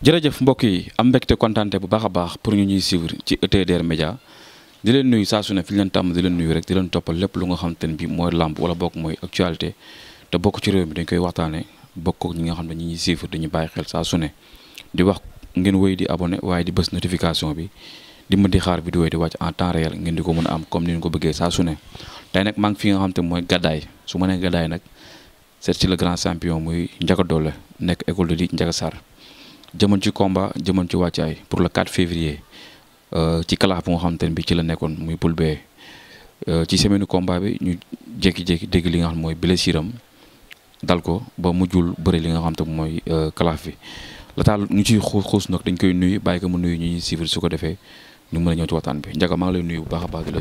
jërëjëf mbokk yi am mbégte kontaante bu baax a baax pour ñu ñuy suivre ci ETDR Média di leen nuyu saa su fi ñu leen tàmm di leen nuyu rek di leen toppal lépp lu nga xam te ne bii mooy làmb wala bokk mooy actualité te bokk ci réew mi dañ koy waxtaanee bokk ak ñi nga xam ne ñi ñuy suivre dañuy bàyyi xel saa su ne wax ngeen wéy di abonné waaye di bës notification bi di mën di xaar vidéo yi di wàcc en temps réel ngeen di ko mën a am comme ni ñu ko bëggee saa su ne tey nag maa ngi fi nga xam te mooy gàddaay su ma nee gàddaay nag seet ci le grand champion muy Ndiaga doole nekk école de lutte Ndiaga jamon ci combat jëmoon ci wàccaay pour le 4 février euh, ci kalaaf bu nga xamante ne bi ci la nekkoon muy poule B euh, ci semaine combat bi ñu jékki jekki dégg li nga xam mooy blessure am dal ko ba jul bëri li nga xam te mooy kalaaf euh, bi la taal ñu ci xuus xuus nag dañ koy nuyu bàyyi ko mu nuyu ñuy suivre su ko defee ñu mën a ñëw ci waxtaan bi Ndiaga maa lay nuyu bu baax a baax di la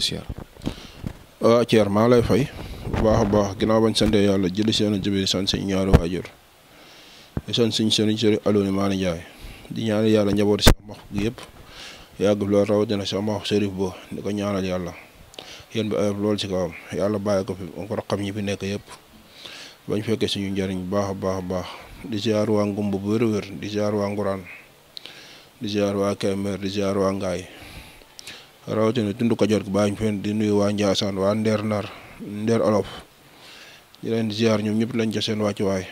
ah, maa ngi lay fay bu baax a baax ginnaaw bañ sant yàlla jëli seen jëbi sant suñu ñaari waajur di son suñ sëriñ alu aloone maana jaay di ñaanal yàlla njaboot sa mbax ya yëpp lo lool rawatina sa mbax sërif bo di ko ñaanal yàlla yéen bi ayab lool ci kawam yàlla bàyyi ko fi ko raqam ñi fi nekk yëpp bañ fekkee suñu njariñ baax baax baax di ziar waa ngumb bu wér wér di ziar waa nguraan di ziar waa kemer di ziar waa ngaay rawatina tund ko jot bàyyiñ fen di nuyu waa njaasaan waa ndeer nar olof di leen ziar ñoom ñëpp lañ wa seen wàccuwaay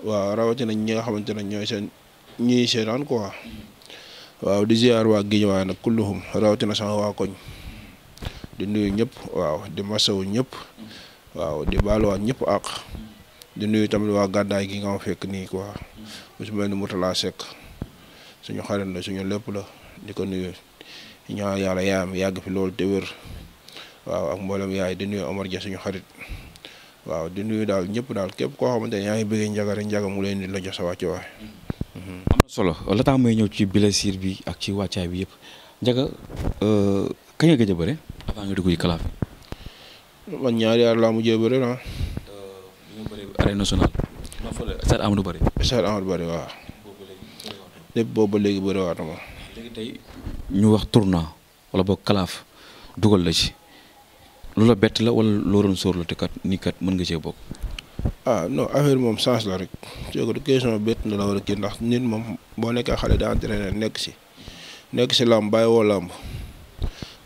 waaw rawatina ñi nga xamante ne ñooy seen ñii seetaan quoi waaw di ziar waa Guédiawaye nag kulluhum rawatina sama waa koñ di nuyu ñëpp waaw di masawu ñëpp waaw di baaluwaat ñëpp àq di nuyu tamit waa gàddaay gi nga ma fekk nii quoi bu su mel ni Moutala Seck suñu xarit la suñu lépp la di ko nuyu ñaan yàlla yaayam yàgg fi loolu te wér waaw ak mboolem yaay di nuyu Omar Dia suñu xarit waaw di nuyu daal ñëpp daal képp koo xamante ne yaa ngi bëggee njaga rek njaga mu leen di la jox sa wàcc waay. am na solo la tax may ñëw ci blessure bi ak ci wàccaay bi yëpp njaga euh, kañ nga gëj a bëre avant nga dugg ci kalaaf. man ñaari at laa mujjee bëre ah. Euh, ñu bëri arène nationale. ma fële stade Amadou Barry. stade Amadou Barry waaw. lépp boobu léegi bëriwaatuma. léegi tey ñu wax tournoi wala boog kalaaf dugal la ci lu la bett la wala looroon sóor la te kat ni kat mën nga cee bokk. ah no affaire moom chance la rek c'est du question bett na la wala kii ndax nit moom boo nekkee xale daa entraîné nekk si nekk si làmb bàyyi woo làmb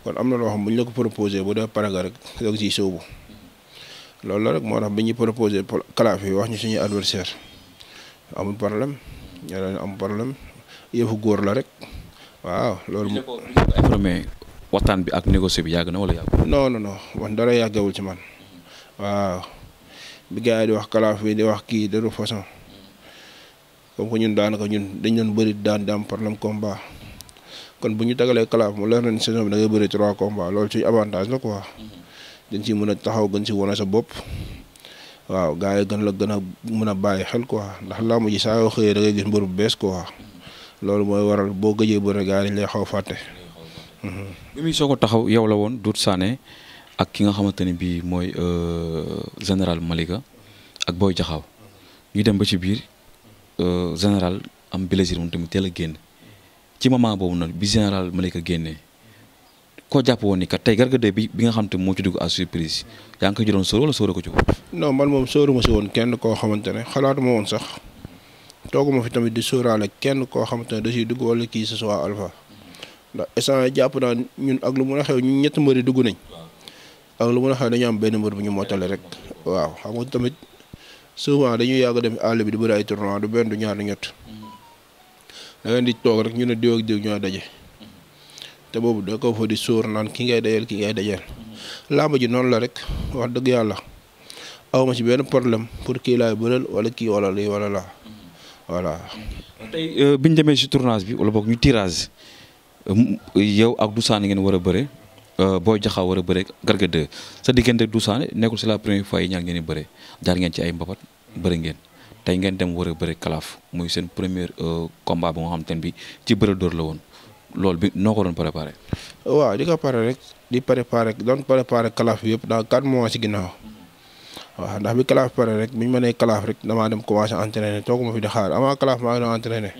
kon am na loo xam bu ñu la ko proposé bu dee pare nga rek rek si sóobu loolu la rek moo tax bi ñuy proposé calaf yi wax ñu suñuy adversaire amul problème ñu am problème yëfu góor la rek waaw loolu. informé waxtaan bi ak négocier bi yàgg na wala yàgg. non non non man dara yàggewul ci man waaw bi gars yi di wax kalaaf bi di wax kii de toute façon comme que ñun daanaka ñun dañ doon bëri daan daam problème combat kon bu ñu tagalee kalaaf mu leer na saison bi da ngay bëri trois combat loolu suñu avantage la quoi. dañ ci mën a taxaw gën si wane sa bopp. waaw gars yi gën la gën a mën a bàyyi xel quoi ndax làmb ji saa yoo xëyee da ngay gis bu bees quoi loolu mooy waral boo gëjee bëre gars yi lay xaw fàtte. bi muy soog a taxaw yow la woon Doudou Sané ak ki nga xamante ne bii mooy euh, général Malika ak booy Jaxaw ñu dem ba ci biir euh, général am blessure moom tamit teel génn ci moment boobu nag bi général Malika génnee koo jàpp woon ni kat tey Garga 2 bi nga xam te moo ci dugg à surprise yaa ngi ko jëloon sóor wala ko ci ko non man moom sóoruma si woon kenn koo xamante ne xalaatuma woon sax tooguma fi tamit di sóoraale kenn koo xamante ne da siy dugg wala kii ce soit alpha ndax instant jàpp naa ñun ak lu mën a xew ñett mbër dugg nañ ak lu mën a dañu am benn mbër bu ñu mottale rek waaw xam nga tamit souvent dañuy yàgg dem àll bi di bëri ay tournoi du benn du ñaar du ñett mm-hmm. da di toog rek ñu ne diw ak diw ñooy daje mm-hmm. te boobu da ko fa di sóor naan ki ngay dajeel ki ngay dajeel mm-hmm. làmb ji noonu la rek wax dëgg yàlla awma ci benn problème pour kii laay bëral wala kii wala lii wala laa voilà. tey euh, bi ñu demee ci tournage bi wala boog ñu tirage yow ak dusan ngeen wara beure euh Boy jaxa wara beure Garga de sa diggante ak dusan nekul c'est la première fois yi ñaar ngeen di bëre jaar ngeen ci ay mbabat beure ngeen tay ngeen dem wara beure kalaf kalaaf muy sen premier euh, combat bu nga xam te bi ci beure dor la won lol bi noko ko préparer wa di ko pare rek di préparer rek préparé kalaaf kalaf yëpp da quatre mois ci ginaaw wa ndax bi kalaaf pare rek bi mané kalaf kalaaf rek dama dem commencer entraîner toog ma fi di xaar ama kalaaf ma ngi entraîner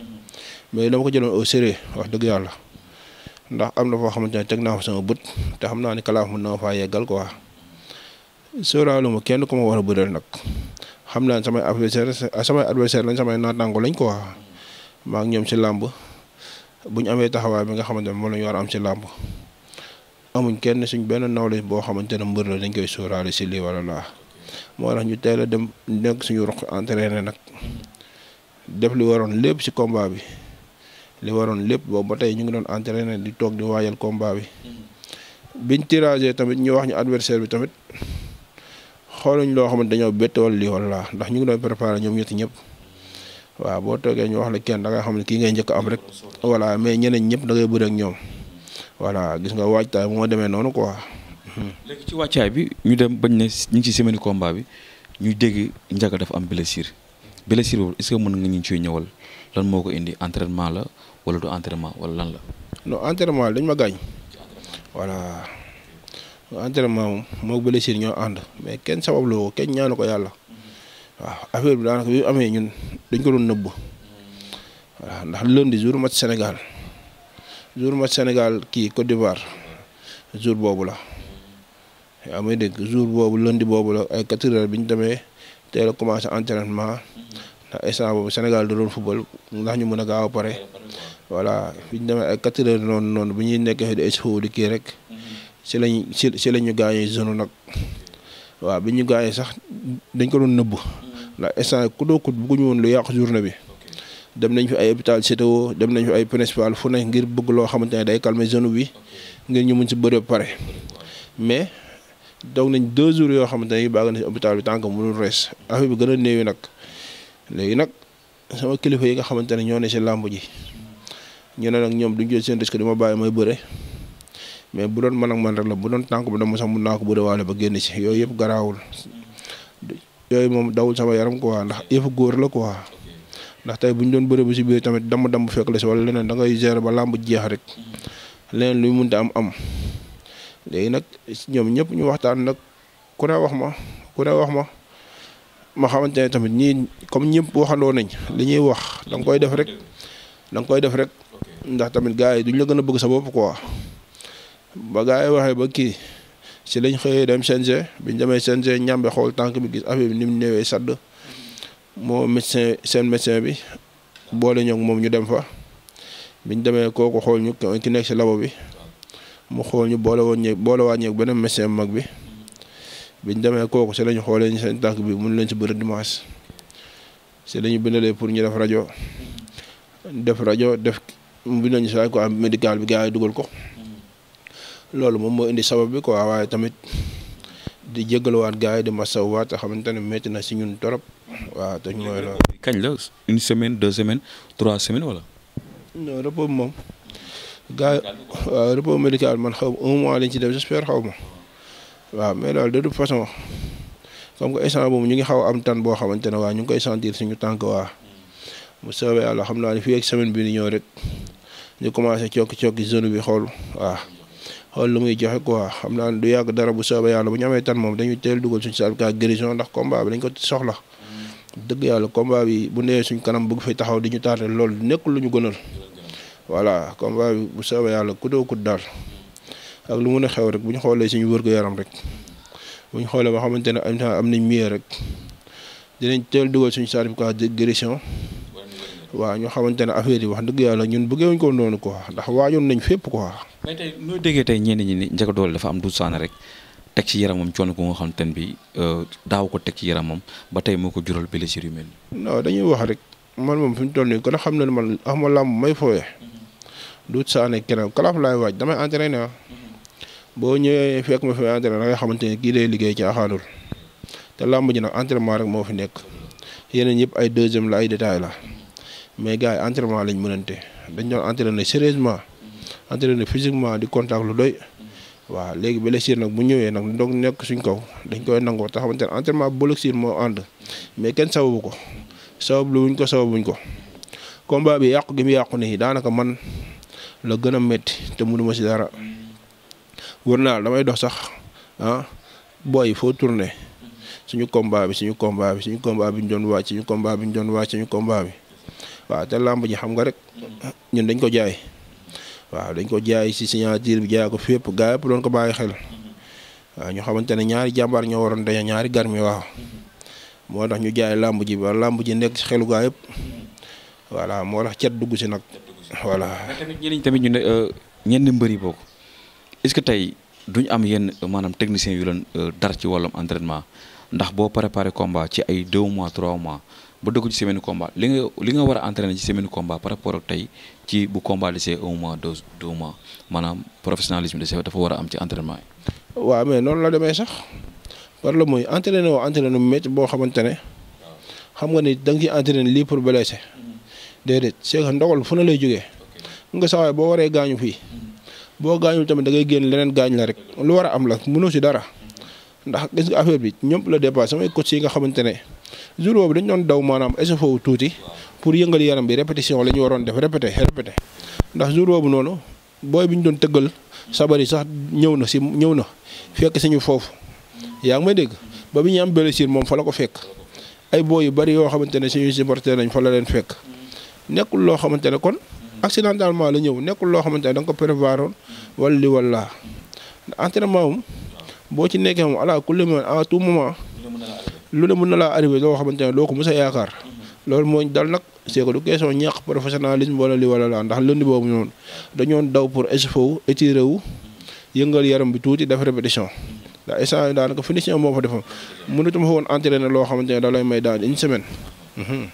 mais dama ko jëloon au sérieux wax deug yalla ndax am na foo xamante ne teg naa fa sama bët te xam naa ne kalaaf mën na faa yeggal quoi sóoraalu ma kenn ku ma war a bëreel nag xam naa ne samay adversaire samay adversaire lañ samay naataango lañ quoi maa ngi ñoom ci làmb bu ñu amee taxawaay bi nga xamante ne moom la ñu war a am ci làmb amuñ kenn suñ benn nawle boo xamante ne mbër la dañ koy sóoraale si lii wala laa moo tax ñu teel a dem nekk suñu roq entraîné nag def li waroon lépp ci combat bi. li waroon lépp boobu ba tey ñu ngi doon entraîné di toog di waajal combat bi. biñ tiragé tamit ñu wax ñu adversaire bi tamit xooluñ loo xam xamante dañoo bett wala lii wala laa ndax ñu ngi doon préparé ñoom ñetti ñëpp. waaw boo toogee ñu wax la kenn dangay xam ne kii ngay njëkk am rek voilà mais ñeneen ñëpp da ngay bëre ñoom voilà gis nga waajtaay moo demee noonu quoi. ci wàccaay bi ñu dem bañ ne ñu ngi ci semaine bi ñu dégg Ndiaga dafa am blessure blessure boobu est-ce que mën nga ciy ñëwal lan moo ko indi entraînement la wala du entraînement wala lan la. non entraînement dañ ma gaañ. voilà entraînement moom moo blessure ñoo ànd mais kenn sabablu ko kenn ñaanu ko yàlla waaw affaire bi daanaka bi amee ñun dañ ko doon nëbb ndax lundi jour match Sénégal jour match Sénégal kii Côte d'Ivoire jour boobu la. yaa may dégg jour boobu lundi boobu la ay quatre heures bi ñu demee teel a commencé entraînement ndax instant boobu Sénégal da doon football ndax ñu mën a gaaw a pare voilà fi ñu demee ay quatre heures noonu noonu bu ñuy nekkee di expo di kii rek si lañ si si la ñu gaañee zone nag waaw bi ñu gaañee sax dañ ko doon nëbb la instant ku doo kut bëgguñu woon lu yàq na bi dem nañ fi ay hôpital CTO dem nañ fi ay principal fu ne ngir bëgg loo xamante ne day calmer zone bi ngir ñu mun si bëre pare mais daw nañ deux jours yoo xamante ne bàgg na si hôpital bi tant que mënul rees affaire bi gën a néewi nag léegi nag sama kilifa yi nga xamante ne ñoo ne si làmb ji ñu ne nag ñoom duñ jël seen risque di ma bàyyi mais bu doon man ak man rek la bu doon tànk bu dama sax mun naa ko bëre waale ba génn ci yooyu yëpp garaawul yooyu moom dawul sama yaram quoi ndax yëfu góor la quoi ndax tey bu ñu doon bëre bu ci tamit damm damm fekk la wala leneen da ngay gérer ba rek leneen luy munta am am léegi nag ñoom ñëpp ñu waxtaan nag ku ne wax ma ku ne wax ma ma xamante ne tamit ñii comme ñëpp waxandoo nañ li ñuy wax danga nga koy def rek da koy def rek. ndax tamit gaa yi duñ la gën a bëgg sa boobu quoi ba gars yi waxee ba kii si lañ xëyee dem bi biñ demee CNG ñàmbe xool tànk bi gis affaire bi ni mu néewee sadd moo médecin seen médecin bi boole ñoog moom ñu dem fa biñ demee kooku xool ñu ki nekk si labo bi mu xool ñu boole woon ñeeg boole waa ñeeg beneen médecin mag bi biñ demee kooku si lañ xoolee ñu seen tànk bi mun leen si bëri dimanche si lañu bindalee pour ñu def rajo def rajo def mu bind nañu si quoi médical bi gaa yi dugal ko loolu moom moo indi sabab bi quoi waaye tamit di jégaluwaat gars yi di masawuwaat te xamante ne metti na si ñun torop waaw te ñu mooy loolu. kañ la semaine deux semaines wala. non moom. gars yi waaw repos médical man xaw mois lañ ci def j'espère xaw ma waaw mais loolu de toute façon comme que instant boobu ñu ngi xaw am tan boo xamante ne waa ñu ngi koy sentir suñu tànk waa mu soobee yàlla xam naa ne fii ak semaine bi ni ñëw rek. ñu commencé cokki cokki zone bi xool waaw xool lu muy joxe quoi xam naa du yàgg dara bu soobee yàlla bu ñu amee tan moom dañuy teel dugal suñ Salka guérison ndax combat bi dañ ko soxla dëgg yàlla combat bi bu newee suñ kanam bëgg fi taxaw di ñu taate loolu nekk lu ñu gënal voilà combat bi bu soobee yàlla ku doo ku daal ak lu mun a xew rek bu ñu xoolee suñu wërgu yaram rek bu ñu xoolee ba xamante ne am nañ mieux rek dinañ teel dugal suñu certificat de guérison waaw ñoo xamante ne affaire yi wax dëgg yàlla ñun bëggeewuñ ko noonu quoi ndax waajoon nañ fépp quoi. mais tey noo déggee tey ñenn ñi ni Ndiaga Dolé dafa am Doudou Sané rek teg ci yaramam coono ko nga xam te ne bii euh, daaw ko teg ci yaramam ba tey moo ko jural blessure yu mel nii. non dañuy wax rek man moom fi mu toll nii kon xam na ne man axuma làmb may fooyee mm-hmm. Doudou Sané keneen kalaaf laay waaj damay entraîné ah. Mm-hmm. boo ñëwee fekk ma fi entraîné da nga xamante ne kii day liggéey ci axaanul te làmb ji nag entraînement rek moo fi nekk yeneen yëpp ay deuxième la ay détail la mais gars yi entraînement lañ mënante dañ doon entraîné sérieusement entraîné physiquement di contact lu doy waaw léegi blessure nag bu ñëwee nag doog nekk suñ kaw dañ koy nangoo te xamante ne entraînement moo ànd mais kenn sababu ko sabablu wuñ ko sababuñ ko combat bi yàqu gi mu yàqu nii daanaka man la gën a metti te mënuma si dara wër naa damay dox sax ah booy foo tourné suñu combat bi suñu combat bi suñu combat bi ñu doon wàcc suñu combat bi ñu doon wàcc suñu bi. wa te lamb ji xam nga rek ñun dañ ko jaay wa dañ ko jaay si signature bi jaay ko fépp gaay yëpp doon ko baye xel waaw ñu xamantene ñaari jambar ñoo waron dañ ñaari garmi wa mo tax ñu jaay lamb ji ba lamb ji nek ci xelu gaay yëpp voilà moo tax cat dugg ci nak voilà. tamit ñeneen tamit ñu ñen ñenn mbër yi est-ce que tey duñ am yenn manam technicien yu leen dar ci walum entraînement ndax bo préparer combat ci ay 2 mois 3 mois. ba dugg ci semaine combat li nga li nga war a entraîner ci semaine combat par rapport ak tey ci bu combat de see un mois deux deux mois maanaam professionnalisme de see dafa war a am ci entraînement yi. waaw noonu la demee sax par la mooy entraîner woo entraîner mu métti boo xamante ne xam nga ni da nga ciy entraîner lii pour blesser déedéet c'est que ndogal fu na lay jógee nga sax waaye boo waree gaañu fii boo gaañul tamit da ngay génn leneen gaañ la rek lu war a am la mënoo si dara ndax gis nga affaire bi ñëpp la dépassé samay coach yi nga xamante ne. jour boobu dañ doon daw maanaam échauffé tuuti pour yëngal yaram bi répétition la ñu waroon def répété répété ndax jour bu noonu booy bi ñu doon tëggal sabar yi sax ñëw na si ñëw na fekk si ñu foofu yaa ngi may dégg ba bi ñu am blessure moom fa la ko fekk ay booy yu bari yoo xamante ne suñuy supporter nañ fa la leen fekk nekkul loo xamante ne kon accidentellement la ñëw nekkul loo xamante ne da ko prévoir woon wala li wala entraînement moom boo ci nekkee moom ala kulli man à tout moment. lu ne mën na laa arrivé loo xamante ne doo ko mos a yaakaar loolu moo dal nag c'est que du question ñàkk professionnalisme wala li wala laa ndax lundi boobu noonu dañoon daw pour échauffé étiré wu yëngal yaram bi tuuti def répétition ndax instant daanaka finition moo fa defoon mënatuma fa woon entraîné loo xamante ne da lay may daal une semaine. Mhm.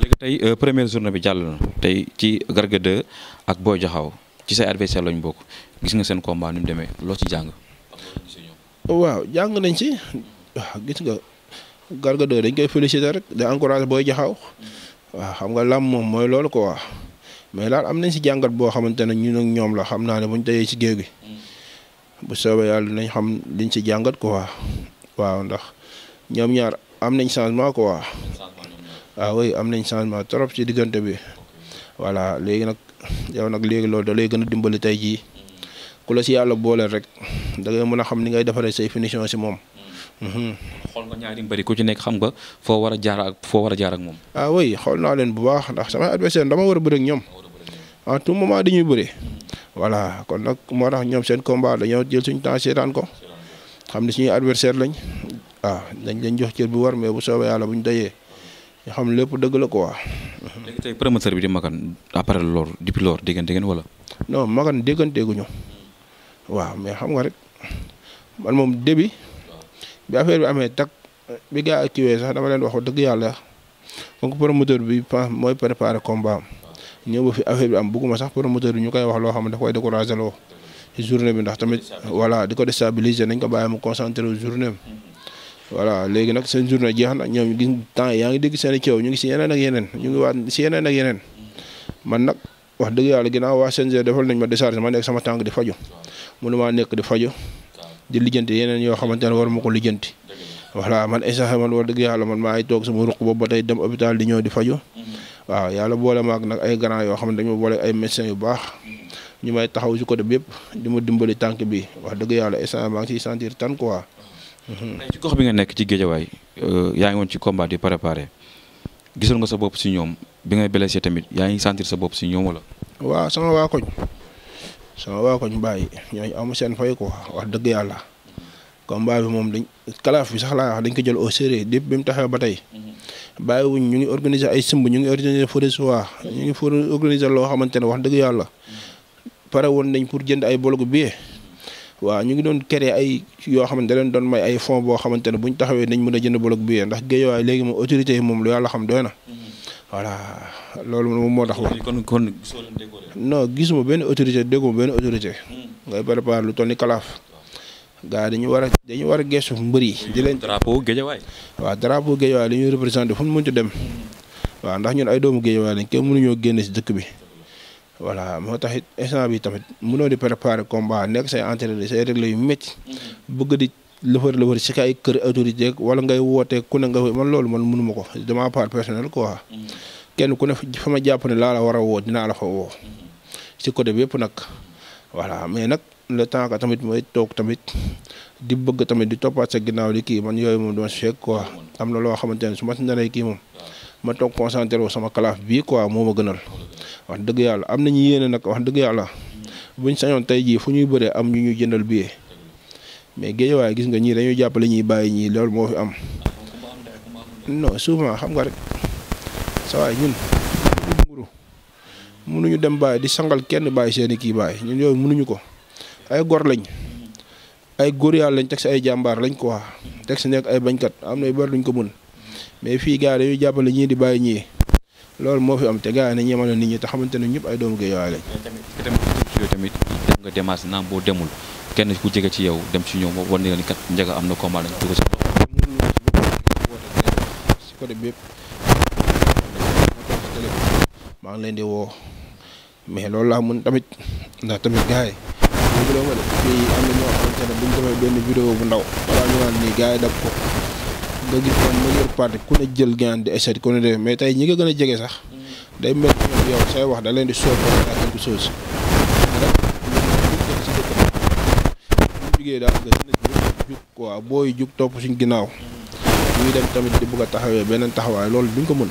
léegi tey euh, première journée bi jàll na tey ci Garga 2 ak Boy Diakhao ci say adversaire lañ bokk gis nga seen combat ni mu demee loo ci jàng. waaw jàng nañ Garga 2 dañ koy féliciter rek de encourage booy jaxaw mm. waaw xam nga làmb moom mooy loolu waa mais laal am nañ si jàngat boo xamante ne ñun ñoom la xam naa ne buñ teyee si géew gi mm. bu soobee yàlla nañ xam liñ si jàngat ko quoi waaw ndax ñoom ñaar am nañ changement quoi waaw ah oui am nañ changement trop ci diggante bi voilà léegi nag yow nag léegi loolu da lay gën a dimbali tey jii mm. ku la si yàlla booleel rek da ngay mën a xam ni ngay defaree say finition si moom. xool nga ñaari mbëri ku ci nekk xam nga foo war a jaar foo war a moom. ah oui leen bu baax ndax samay adversaire dama war a bëre ak ñoom à tout moment dañuy bëre voilà kon nag moo tax ñoom seen combat dañoo jël suñu temps seetaan ko xam ne suñuy adversaire lañ ah dañ leen jox cër bu war mais bu soobee yàlla bu ñu dayee ñu xam lépp dëgg la quoi. léegi tey promoteur bi di Makan après loolu depuis loolu déggante ngeen wala. non Makan dégganteeguñu waaw mais xam nga rek man moom début. bi affaire bi amé tak bi ga ak kiwee sax dama len wax deug yalla donc promoteur bi moy préparer combat ñeu bu fi affaire bi am bugguma sax promoteur bi ñu koy wax lo xam da koy décourager lo ci journée bi ndax tamit voilà diko déstabiliser nañ ko baye mu concentrer au journée voilà légui nak sen journée jeex na ñoom gis temps yaa ngi dégg seen i ñu ngi ci yenen ak yenen ñu ngi waat ci yenen ak yenen man nak wax deug yalla ginaaw wa sen CNG defal nañ ma décharger ma nek sama tank di faju mënu nek di faju di lijjanti yeneen yoo xamante ne war ma ko lijjanti voilà man instant man war dëgg yàlla man maa ngi toog sama ruq boobu ba tey dem hôpital di ñëw di faju mm-hmm. waaw yàlla boole maag nag ay grand yoo xam ne dañu boole ay médecins yu baax mm-hmm. ñu may taxaw si côté bi yëpp di ma dimbali tànk bi wax dëgg yàlla instant maa ngi siy tan ko quoi. Mm-hmm. ci gox bi nga nekk ci géejawaay euh, yaa ngi woon ci combat di préparé gisul nga sa bopp si ñoom bi ngay blessé tamit yaa ngi sentir sa bopp si ñoom wala. sama waa koñ bàyyi ñooñu amu seen fay ko wax dëgg yàlla combat bi moom dañ kalaaf bi sax laa dañ ko jël au sérieux depuis bi mu taxaw ba tey mhm. wuñ ñu ngi organiser ay simb ñu ngi organiser forêt soir ñu ngi for organiser loo xamante ne wax dëgg yàlla pare woon nañ pour jënd ay bolog bi waaw ñu ngi doon créer ay yoo xamante da doon may ay fonds boo xamante ne buñ taxawee nañ mën a jënd bolog bi ndax géejawaay léegi moom autorité yi moom yàlla xam doy na mhm. voilà loolu moom moo tax wax. kon kon gisoo leen déggoo non gisuma benn autorité dégguma benn autorité. Hmm. ngay préparer lu toll ni kalaaf. gaa dañu war a dañu war a gestu mbër yi. di leen drapeau géejawaay. waaw drapeau géejawaay li ñuy représenté fu mu mënti dem. waa ndax ñun ay doomu géejawaay lañ kenn mënuñoo génne si dëkk bi. voilà moo tax instant bi tamit mënoo di préparer combat nekk say entraîné say réglé yu métti. Hmm. bëgg di. lëfër lëfër si ay kër autorité wala ngay wootee ku ne nga man loolu man mënuma ko dama part personnel quoi. Mm-hmm. kenn ku ne fa ma jàpp ne laa la war a woo dinaa la fa woo. si mm-hmm. côté bi yëpp nag. voilà mais nag le temps que tamit mooy toog tamit di bëgg tamit di toppaat sa ginnaaw di kii man yooyu moom dama si fekk quoi am na loo xamante ne su ma si naree kii moom. ma toog concentré wu sama kalaaf bii quoi moo ma gënal. wax dëgg yàlla am nañu yéene nag wax dëgg yàlla. Mm-hmm. buñ sañoon tey jii fu ñuy bëree am ñu ñu jëndal billet. mais géejawaay gis nga ñii dañuy jàppale ñuy bàyyi ñii loolu moo fi xam nga rek sa waay ñun nguuru dem bàyyi di sangal kenn bàyyi seen kii bàyyi ñun yooyu mënuñu ko ay gor lañ ay góor yàlla lañ teg si ay jàmbaar lañ quoi teg si nekk ay bañkat am na yu bari ko mën mais fii gars dañuy jàppale ñii di bàyyi ñii loolu moo fi am te gars yi nañ yemale nit ñi te xamante ne ñëpp ay doomu géejawaay lañ. tamit tamit nga démarche naam boo kenn ku jege ci yow dem ci ñoom wan ne ni kat njëga am na combat lañ dugg si ngi leen di woo mais loolu laa mën tamit ndax tamit gars bu vidéo nga de fii am na ñoo xamante ne buñ defee benn vidéo bu ndaw balaa ñu naan nii gars yi dab ko nga gis man meilleur parti ku ne jël gaan di essayé ku ne def mais tey ñi nga gën a jege sax day mel yow say wax da leen di soob wala quelque chose liggéey daal da dina jug quoi booy jug topp suñ ginnaaw ñuy dem tamit di bugg taxawee benn taxawaay loolu duñ ko mën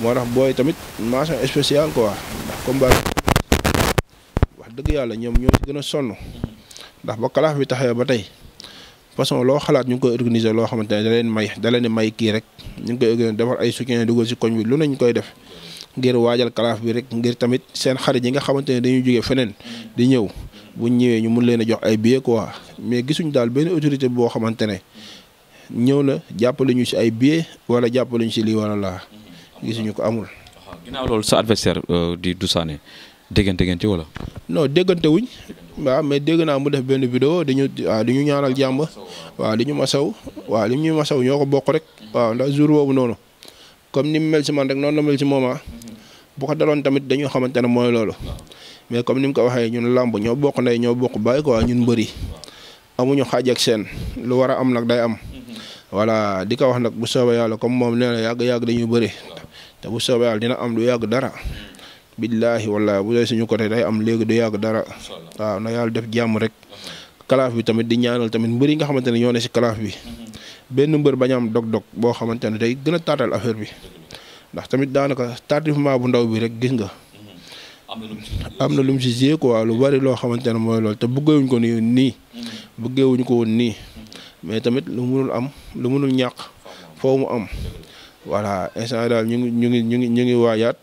moo tax booy tamit mention spéciale quoi ndax combat wax dëgg yàlla ñoom ñoo gën a sonn ndax ba kalaaf bi taxawee ba tey façon loo xalaat ñu ngi koy organiser loo xamante ne da leen may da leen may kii rek ñu ngi koy organiser defar ay soutien dugal ci koñ bi lu ne ñu koy def ngir waajal kalaaf bi rek ngir tamit seen xarit yi nga xamante ne dañuy jóge feneen di ñëw buñ ñëwee ñu mun leen a jox ay ko quoi mais gisuñ daal benn autorité boo xamante ne ñëw na jàppale ñu si ay billets wala jàppale ñu si lii wala laa gisuñu ko amul. ginnaaw loolu euh, di Doudou Sané déggante ngeen ci wala. non wuñ waaw mais dégg naa mu def benn vidéo dañu waaw ñaanal jàmm waa di ñu masaw waaw li ñuy masaw ñoo ko bokk rek. waaw ndax jour woowu noonu comme ni mu mel si man rek noonu la mel si moom ah. mhm. bu ko daloon tamit dañoo xamante ne mooy loolu. mais comme ni mu ko waxee ñun làmb ñoo bokk ndey ñoo bokk ko quoi ñun mbëri amuñu xaaj ak seen lu war a am nag day am mm-hmm. voilà di ko wax nag bu soobee yàlla comme moom nee a yàgg-yàgg dañuy bëri te bu soobee yàlla dina am du yàgg dara mm-hmm. billaahi wallaahi bu dee suñu côté day am léegi du yàgg dara waaw na yàlla def jàmm rek mm-hmm. kalaaf bi tamit di ñaanal tamit mbër yi nga xamante ne ñoo ne si kalaaf bi benn mbër bañ am dog-dog boo xamante ne day gën a taatal affaire bi ndax tamit daanaka tardivement bu ndaw bi rek gis nga am na lu mu si jiyee quoi lu bari loo xamante ne mooy loolu te wuñ ko nii nii mm-hmm. wuñ ko woon nii mais tamit lu mënul am lu munul ñàkk foo mu am voilà instant daal ñu ñu ngi ñu ngi ñu ngi waajaat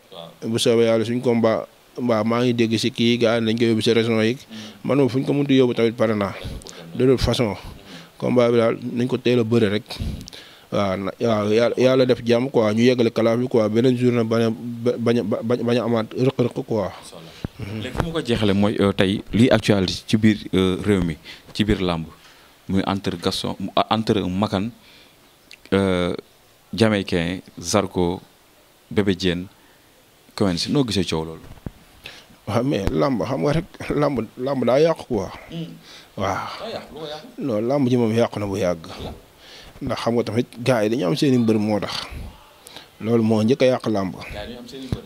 bu soobee yàlla suñ combat mbaa maa ngi dégg si kii gars nañ ko yóbbu si yi mm-hmm. man moom fu ñu ko mënti yóbbu tamit pare na de toute façon combat bi daal nañ ko teel a bëre rek waaw yàlla def jàmm quoi ñu yeggale kalaaf bi quoi beneen journée bañ a bañ a bañ a amaat rëq-rëq quoi. léegi fu ma ko jeexale mooy euh, tey lii actualité ci biir euh, réew mi ci biir làmb muy entre Gaston ah, entre Makan euh, Jamaïcain Zarko Bébé Diène Coen si noo gisee coow loolu. waaw mais làmb xam nga rek làmb làmb daa yàqu quoi. Hmm. waaw. non làmb ji moom yàqu na bu yàgg. ndax xam nga tamit gaay dañu am seen mbeur mo tax loolu mo ñëk yaq lamb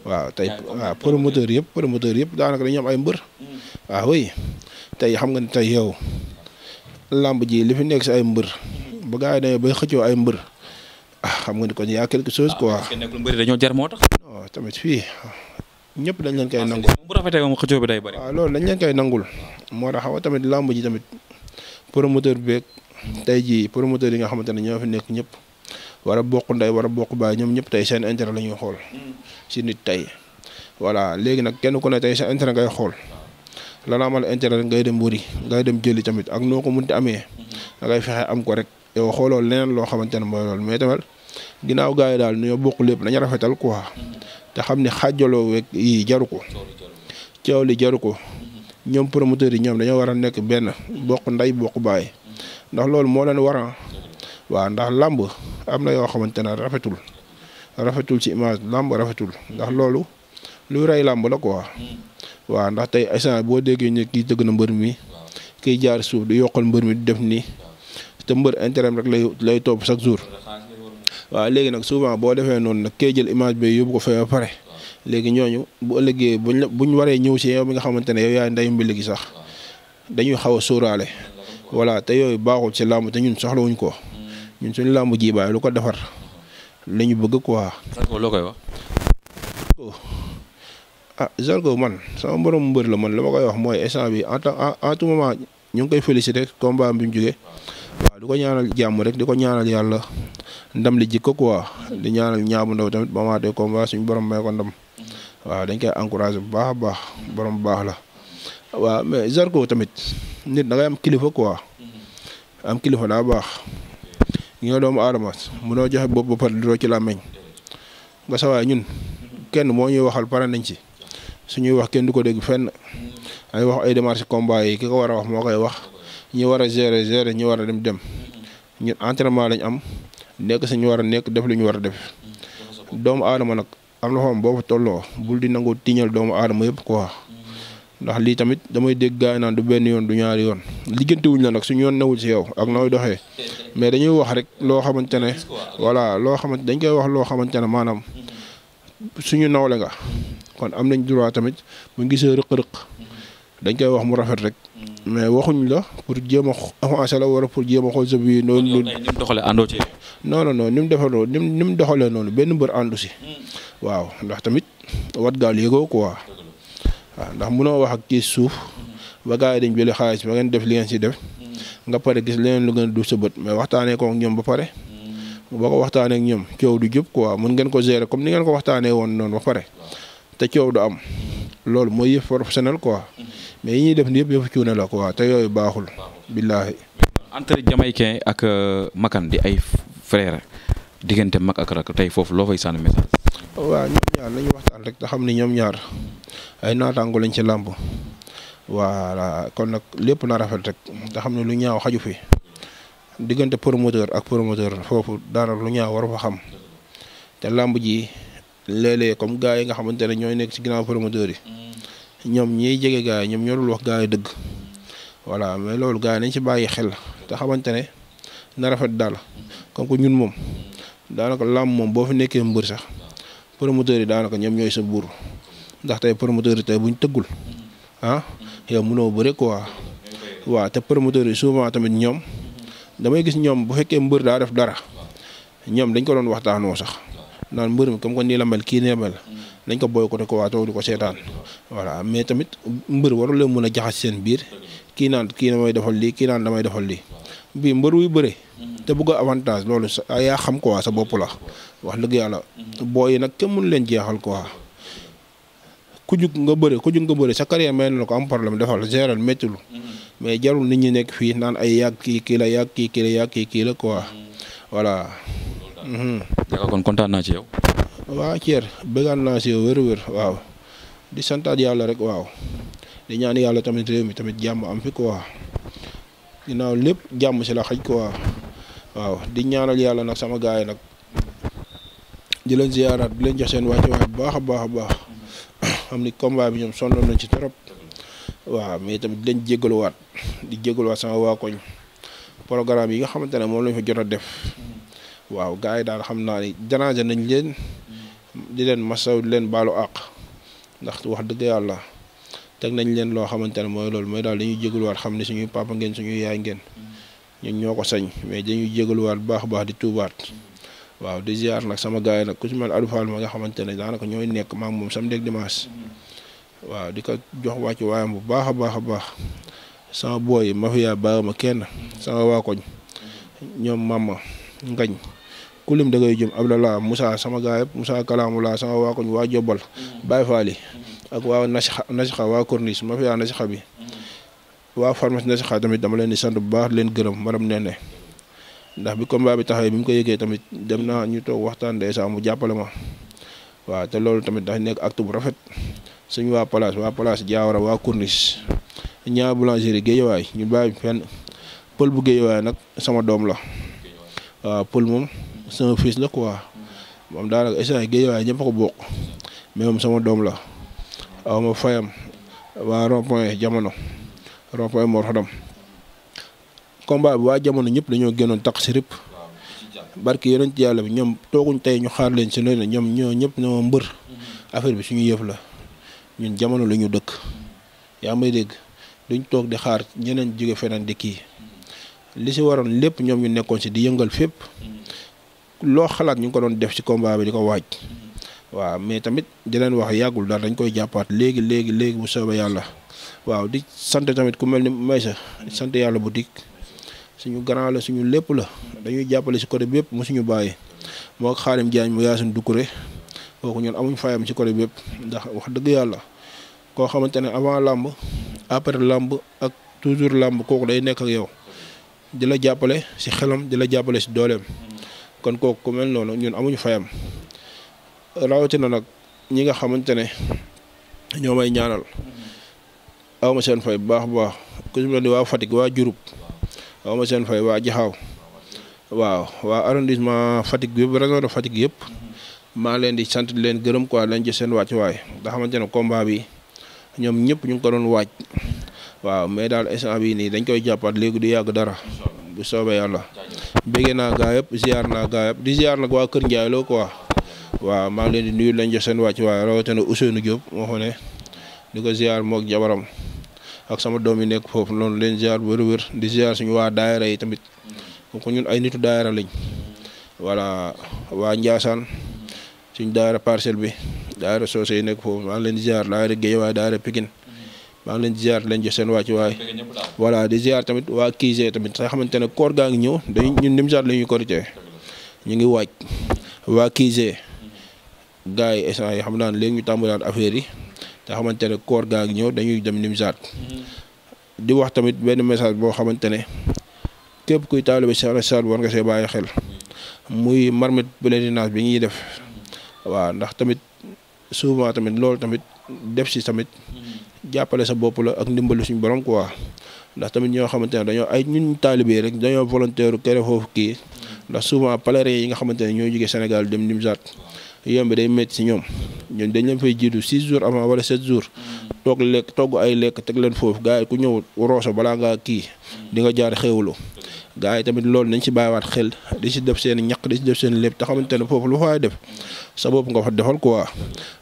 waaw tay waaw promoteur yëpp promoteur yëpp naka dañu am ay mbeur mm. waaw oui tay xam nga tay yow lamb ji li fi nekk ci ay mbeur ba gaay dañu bay xëccu ay mbeur ah xam nga ni kon ya quelque chose quoi ah, mbeur dañu jar mo tax non tamit fi ñëpp dañ leen kay ah, nangul bu rafetee moom xëccu bi day bari waaw loolu dañ leen kay nangul mo tax xaw tamit lamb ji tamit promoteur bi tey jii promoteur yi nga xamante ne ñoo fi nekk ñëpp war a bokk ndey war a bokk baay ñoom ñëpp tey seen intérêt la ñuy xool si nit tey voilà léegi nag kenn ku ne tey sa intérêt ngay xool la la amal intérêt ngay dem wëri ngay dem jëli tamit ak noo ko munti amee da fexe am ko rek yow xooloo leneen loo xamante ne mooy loolu mais tamit ginnaaw gars yi daal ñoo bokk lépp dañu rafetal quoi te xam ne xaajaloo weeg yii jaru ko coow li jaru ko ñoom promoteurs yi ñoom dañoo war a nekk benn bokk ndey bokk baay. ndax loolu moo leen waran waaw ndax làmb am na yoo xamante ne rafetul rafetul ci image làmb rafetul ndax loolu lu rey làmb la quoi waaw ndax tey instant boo déggee ñu kii dëgg na mbër mi kiy jaar suuf di yokkal mbër mi di def nii te mbër intérêt rek lay lay topp chaque jour waaw léegi nag souvent boo defee noonu nag kay jël image bi yóbbu ko fee ba pare léegi ñooñu bu ëllëgee buñ la buñ waree ñëw si yow mi nga xamante ne yow yaay ndeyu mbili gi sax dañuy xaw a sóoraale voilà te yooyu baaxul ci làmb te ñun soxlawuñ ko mm. ñun suñu làmb ji baay lu ko defar mm-hmm. la ñu bëgg quoi. Zarko loo koy wax. ah Zarko man sama borom mbër la man la ma koy wax mooy instant bi en tant en tout moment ñu ngi koy féliciter combat bi mu jógee waaw di ko ñaanal jàmm rek di ko ñaanal yàlla ndam li jikko quoi di ñaanal ñaabu ndaw tamit ba maatee combat suñu borom may ko ndam mm-hmm. waaw dañ koy encourager bu baax a baax borom baax la waaw mais Zarko tamit. nit da am kilifa quoi mm-hmm. am kilifa daa baax ñi nga doomu aadama mënoo joxe bopp ba ci làmmiñ nga ñun mm-hmm. kenn moo ñuy waxal pare nañ ci suñuy wax kenn du ko dégg fenn mm-hmm. ay wax ay démarche combat yi ki ko war a wax moo koy wax ñi war a gérer gérer ñi war a dem dem ñu entrement lañ am nekk si ñu war a nekk def lu ñu war a def doomu aadama nag am na xam boo fa tolloo bul di nangu tiñal doomu aadama yëpp quoi. ndax lii tamit damay dégg gaay naan du benn yoon du ñaari yoon liggante la nag suñu yoon newul si yow ak nooy doxee mais dañuy wax rek loo xamante ne voilà loo xamante dañ koy wax loo xamante ne maanaam suñu nawle nga kon am nañ droit tamit mu gisee rëq-rëq dañ koy wax mu rafet rek mais waxuñu la pour jéem a avancé la wala pour jéem a xool sa biir noonu. non non non ni mu defaloo doxalee noonu benn mbër àndu si mm. waaw ndax tamit wat gaal yëgoo quoi. waaw ndax mënoo wax ak kii suuf ba gars yi dañ xaalis ba ngeen def li ngeen si def nga pare gis leen lu ngeen du sa bët mais waxtaanee ko ñoom ba pare boo ko waxtaanee ak ñoom coow du jub quoi mun ngeen ko gérer comme ni ngeen ko waxtaanee woon noonu ba pare te coow du am loolu mooy yëf professionnel quoi mais yi ñuy def ni yëpp yëfu cuune la quoi te yooyu baaxul billaahi entre jamaïcain ak euh, makan di ay frère diggante mag ak rak tey foofu loo fay sànni message waaw ñoom ñaar nañu waxtaan rek te xam ni ñoom ñaar ay naataango lañ ci làmb voilà kon nag lépp na rafet rek te xam ne lu ñaaw xaju fi diggante promoteur ak promoteur foofu daanaka lu ñaaw war fa xam te làmb ji léeg-léeg comme gars yi nga xamante ne ñooy nekk ci ginnaaw promoteur yi ñoom ñiy jege gaa yi ñoom ñoo dul wax gars yi dëgg voilà mais loolu gaa yi nañ ci bàyyi xel te xamante ne na rafet daal comme que ñun moom daanaka làmb moom boo fi nekkee mbër sax promoteurs yi daanaka ñoom ñooy sa buur. ndax tay promoteur tay buñ teggul ah yow mëno bëré quoi wa té promoteur yi souvent tamit ñom damay gis ñom bu féké mbeur da def dara ñom dañ ko doon waxtaanoo sax naan mbeur mi comme ko ni la mel ki neemal dañ ko boy ko waa toog di ko sétan voilà mais tamit mbeur waru le mëna a seen biir ki naan kii may defal li ki naan damay defal lii bii mbër wuy bëre te bëgg avantage lolu ya xam quoi sa bop la wax dëgg yalla boy nak nag mënu leen jéxal quoi ku jug nga beure ku jug nga beure sa carrière mel nako am problème defal géral metul mm-hmm. mais jarul nit ñi nek fi nan ay yak ki ki la yak ki ki la yak ki la quoi mm-hmm. voilà. Mm-hmm. ko kon kontaan naa ci yow. waa Thier beugal na ci wër wër wér waaw di santaat yalla rek waaw di ñaan yalla tamit rew mi tamit jamm am fi quoi ginaaw lepp jamm ci la xaj quoi waaw di ñaanal yalla nak sama gaay nak di leen ziarat di leen jox seen wacc bu baax baax baax. xam ni combat bi ñoom sonnoon nañ ci trop waaw mais tamit dañ jégaluwaat di jégaluwaat sama waa koñ programme yi nga xamante ne moom lañ fa jot a def waaw gars yi daal xam naa ni déranger nañ leen di leen masaw di leen baalu àq ndax wax dëgg yàlla teg nañ leen loo xamante ne mooy loolu mooy daal dañuy jégaluwaat xam ne suñuy papa ngeen suñuy yaay ngeen ñu ñoo ko sañ mais dañuy jégaluwaat baax baax di tuubaat. waaw di ziar nag sama gars yi nag ku ci mel Adou Fall ma nga xamante ne daanaka ñooy nekk maam moom samedi ak dimanche waaw di ko jox wàccu waayam bu baax a baax a baax sama booy yi mafia baax ma kenn sama waa ñoom mama ngañ da ngay jëm Abdallah Moussa sama sama waa koñ waa Jobal Baye Fall ak waa Nasixa waa Corniche mafia Nasixa bi waa pharmacie Nasixa tamit dama leen di sant bu baax leen gërëm madame Nene ndax bi combat bi taxawee bi mu ko yëgee tamit dem naa ñu toog waxtaan de ndeysaan mu jàppale ma waaw te loolu tamit dax nekk acte bu rafet suñu waa place waa place Diawara waa Corniche ñaar boulangerie Guédiawaye ñu bàyyi fenn pël bu Guédiawaye nag sama doom la waaw pël moom sama fils la quoi moom daal daanaka instant Guédiawaye ñëpp ko bokk mais moom sama doom la aw ma fayam waa rond jamono rond-point Mor combat bi waa jamono ñëpp dañoo génnoon tax si rip barki yeneen ci yàlla bi ñoom tooguñ tey ñu xaar leen si leneen ñoom ñoo ñëpp ñoo mbër affaire bi suñu yëf la ñun jamono la ñu dëkk yaa may dégg duñ toog di xaar ñeneen jóge fenaan di kii li si waroon lépp ñoom ñu nekkoon si di yëngal fépp loo xalaat ñu ngi ko doon def si combat bi di ko waaj waaw mais tamit di leen wax yàggul daal dañ koy jàppaat léegi léegi léegi bu soobee yàlla waaw di sant tamit ku mel ni Maysa sant yàlla bu dikk suñu grand la suñu lépp la dañuy jàppale si côté yëpp mu suñu bàyyi moo ak Xaalim Jaañ mu Yaasin Dukure kooku ñun amuñ fayam si côté bépp ndax wax dëgg yàlla koo xamante ne avant làmb après làmb ak toujours làmb kooku day nekk ak yow di la jàppale si xelam di la jàppale si dooleem kon kooku ku mel noonu ñun amuñu fayam rawatina nag ñi nga xamante ne ñoo may ñaanal awma seen fay bu baax bu baax ku si mel ni waa Fatick waa Diouroup ama seen fay waa jaxaaw waaw waa arrondissement Fatick bi yëpp région de yëpp maa leen di sant leen gërëm quoi lañ jël seen wàccuwaay nga xamante ne combat bi ñoom ñëpp ñu ngi ko doon waaj waaw mais daal instant bii nii dañ koy jàppaat léegi du yàgg dara bu soobee yàlla béggee naa gaa yëpp ziar naa gaa yëpp di ziar nag waa Kër Ndiaye loo quoi waaw maa ngi leen di nuyu lañ jël seen wàccuwaay rawatina Ousseynou Diop moo xam di ko ziar moog jabaram ak sama doom yi nekk foofu loolu leen ziar bu wér di ziar suñu waa daayira yi tamit mm. ko ñun ay nitu daayira lañ voilà waa Ndiassane suñu daayira parcelle bi daayira soose yi nekk foofu maa ngi leen di ziar daayira Guédiawaye daayira Pikine mm. maa ngi leen di leen jox seen wàccu waay voilà di ziar tamit waa Kisé tamit sax xamante ne koor gaa ngi ñëw dañu ñun nim saat la ñuy korité ñu ngi waaj waa Kisé mm. gars yi instant yi xam naa léegi ñu tàmbalaat affaire yi te xamante ne koor gaa ngi ñëw dañuy dem Nimzaat. di wax tamit benn message boo xamante ne képp kuy taalibe Cheikh Rasuul war nga see bàyyi xel. muy marmite pèlerinage bi ñuy def. waaw ndax tamit souvent tamit loolu tamit def si tamit. jàppale sa bopp la ak ndimbalu suñu borom quoi. ndax tamit ñoo xamante ne dañoo ay ñun taalibe rek dañoo volontaire kere foofu kii. ndax souvent pèlerins yi nga xamante ne ñoo jóge Sénégal dem Nimzaat. yoon bi day métti si ñoom ñun dañ leen fay jiitu six jours avant wala sept jours toog lekk togg ay lekk teg leen foofu gars yi ku ñëw rooso balaa ngaa kii di nga jaar xéwlu gars yi tamit loolu nañ si bàyyiwaat xel di si def seen ñaq di si def seen lépp te xamante ne foofu lu faay def sa bopp nga fa defal ko quoi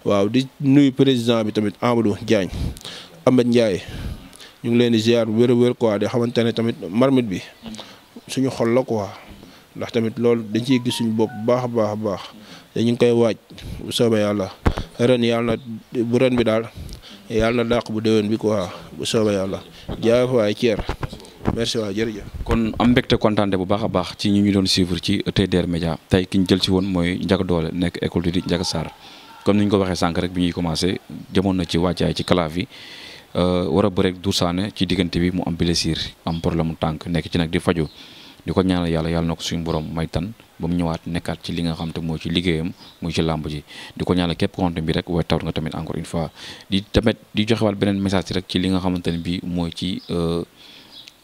waaw di nuyu président bi tamit Amadou Diagne Ahmed Ndiaye ñu ngi leen di ziar bu wér a wér quoi xamante ne tamit marmit bi suñu xol la quoi. ndax tamit loolu dañ ciy gis suñu bopp baax a baax a baax dañu ngi koy waaj bu soobee yàlla ren yàlla na bu ren bi daal yàlla na dàq bu déwén bi quoi bu soobee yàlla jaay waay ceer merci waay jërëjëf. kon am mbégte kontaante bu baax a baax ci ñu ñu doon suivre ci TDR Média tey ki ñu jël si woon mooy Ndiaga doole nekk école di njag saar comme ni ñu ko waxee sànq rek bu ñuy commencé jamoon na ci wàccaay ci kalaaf yi euh, wara a rek Dour Sané ci diggante bi mu am blessure am problème mu tànk nekk ci nag di faju diko ñaanal yalla yalla nako suñu borom may tan ba mu ñëwaat nekkaat ci li nga xam te mo ci liggéeyam muy ci lamb ji di ñaanal képp ko bi rek way taw nga tamit encore une fois di tamit di joxewaat benen message rek ci li nga bi mooy ci euh,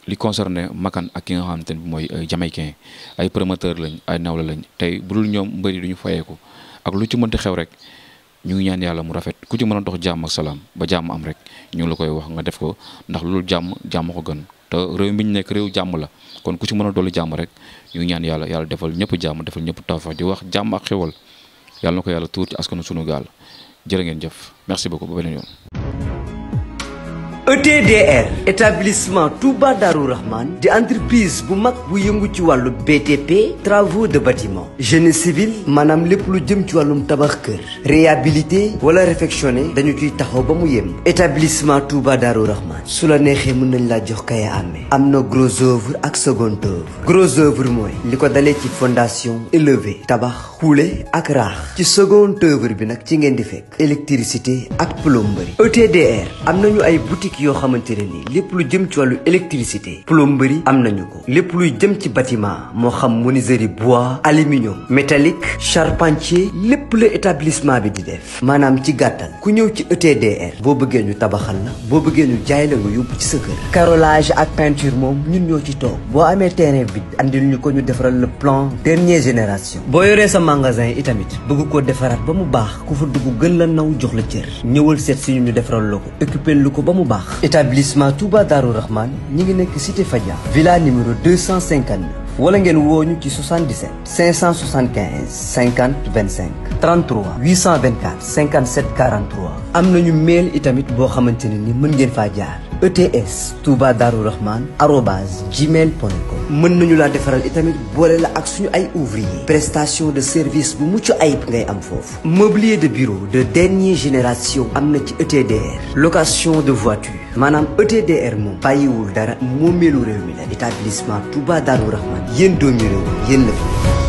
li concerné Makan ak ki nga xamante ne bi mooy euh, jamaïcain ay promoteur lañ ay nawla lañ tay bu dul ñoom mbëri duñu ko ak lu ci mënta xew rek ñu ñaan yalla mu rafet ku ci mëna dox jamm ak salam ba jamm am rek ñu la koy wax nga def ko ndax lu jamm jamm ko gën te réew mi ñu nekk réew jàmm la kon ku ci mën a dolli jàmm rek ñu ñaan yàlla yàlla defal ñëpp jàmm defal ñëpp tawfeex di wax jàmm ak xewal yàlla na ko yàlla tuur ci askanu sunu gaal jërë ngeen jëf merci beaucoup ba beneen yoon ETDR établissement Touba Darou Rahman di entreprise bu mag bu BTP travaux de bâtiment génie civil manam lépp lu jëm ci wàllum tabax kër réhabilité wala réfectionné dañu ba mu établissement Touba Darou Rahman su la Djokaya mën nañ jox gros œuvre ak second gros œuvre moi, li fondation élevé tabakh. coulé ak raax ci seconde œuvre bi nag ci ngeen di fekk électricité ak plomberie ETDR am nañu ay boutique yoo xamante ne nii lépp lu jëm ci wàllu électricité plomberie am nañu ko lépp luy jëm ci bâtiment moo xam menuiserie bois aluminium métallique charpentier lépp la établissement bi di def maanaam ci gàttal ku ñëw ci ETDR boo bëggee ñu tabaxal la boo bëggee ñu jaay la nga yóbbu ci sa kër ak peinture moom ñun ñoo ci toog boo amee terrain bi andil ko ñu defaral le plan génération magasin itamit bëgg ko defaraat ba mu baax ku fa dugg gën la naw jox la cër ñëwal seet si ñu ñu defaral la ko équipé lu ko ba mu baax établissement Touba Darou Rahman ñi ngi nekk cité Fadia villa numéro 259 wala ngeen wooñu ci 77 575 50 25 33 824 57 43 am nañu mail itamit boo xamante ne ni mën ngeen faa jaar ETS Touba Darou Rahman gmail.com gmail mën nañu defaral itamit boole la ak suñu ay ouvrier prestation de service bu mucc ayib ngay am mobilier de bureau de dernière génération am ci ETDR location de voiture maanaam ETDR moom bàyyiwul dara moomeelu réew mi la établissement Touba Darou YEN yéen doomi réew la